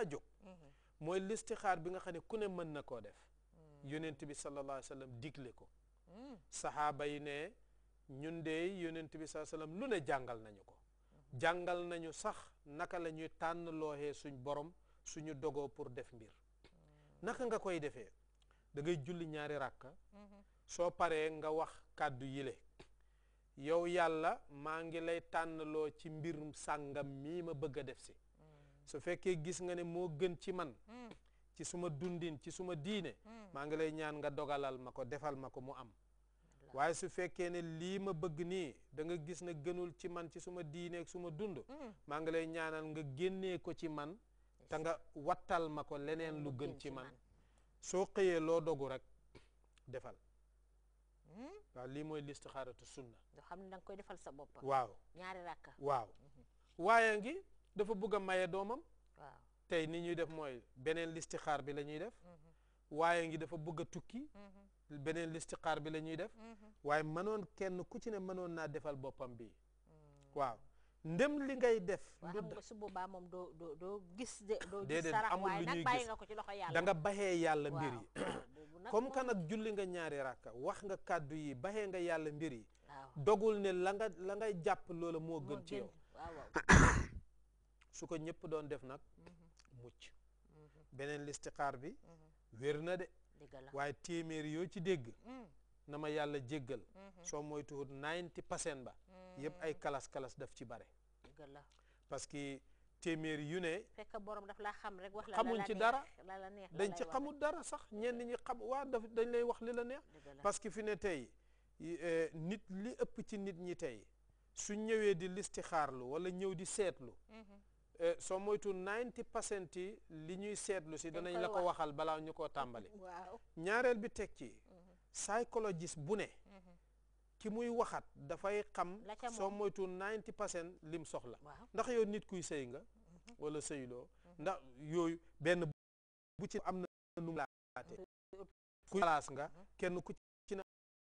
a jóg mooy listixaar bi nga xam ne ku ne mën na koo def yonent bi sallallahu alayhi wa digle ko saxaaba yi ne ñun de yonent bi sallallahu alayhi lu ne jàngal nañu ko jàngal nañu sax naka la ñuy tànn looxee suñ borom suñu dogoo pour def mbir naka nga koy defee dangay julli ñaari ràkka soo paree nga wax kàddu yile yow yàlla maa ngi lay tànnloo ci mbir sàngam mii ma bëgg a def si su fekke gis nga ne mo gën ci man hmm. ci suma dundin ci suma diine ma hmm. nga lay ñaan nga dogalal mako defal mako mu am waye su fekke ne li ma bëgg ni da nga gis ne gënul ci man ci suma diine ak suma dund ma hmm. nga lay ñaanal nga génnee ko ci man ta nga wattal mako leneen lu gën ci man so xeye lo dogu rek defal li moy liste kharatu sunna do xamni dang koy defal sa bop waaw ñaari rakka waaw waye ngi dafa bëgg a maye doomam. waaw tey ni ñuy def mooy beneen listixaar bi la def. Mm-hmm. waaye ngi dafa bëgg a tukki. Mm-hmm. beneen listixaar bi la ñuy def. Mm-hmm. waaye mënoon kenn ku ci ne mënoon naa defal boppam bi mm. waaw ndem li ngay def. lu da su boobaa moom doo doo doo gis de doo gis sarax ci loxo yàlla da nga baxee yàlla mbir yi. comme que nag julli nga ñaari rakka wax nga kàddu yi baxe nga yàlla mbir yi. dogul ne la nga la ngay jàpp loola moo gën ci yow. su ko ñëpp doon def nag mhm. mucc mhm. beneen listixaar bi mhm. wér na de waaye téeméer yoo ci dégg na ma yàlla jéggal soo moytuwut 90 percent ba yëpp ay kalas-kalas daf ci bare parce que téeméer yu ne fekk borom daf laa xam wax la xamuñ ci dara dañ ci xamul dara sax ñenn ñi xam waa daf dañ lay wax li la neex parce que fi ne tey euh, nit li ëpp ci nit ñi tey su ñëwee di xaarlu walla ñëw di seetlu Eh, soo moytu 90 percent yi li ñuy seetlu si danañ la ko waxal balaa ñu koo tàmbali ñaareel bi teg ci mhm. psychologiste bu ne mhm. ki muy waxat dafay xam soo moytuwul 90 percent lim soxla ndax yow nit kuy sëy nga mhm. wala sëyloo ndax yooyu benn bu ci am na nu laate ku palaas nga kenn ku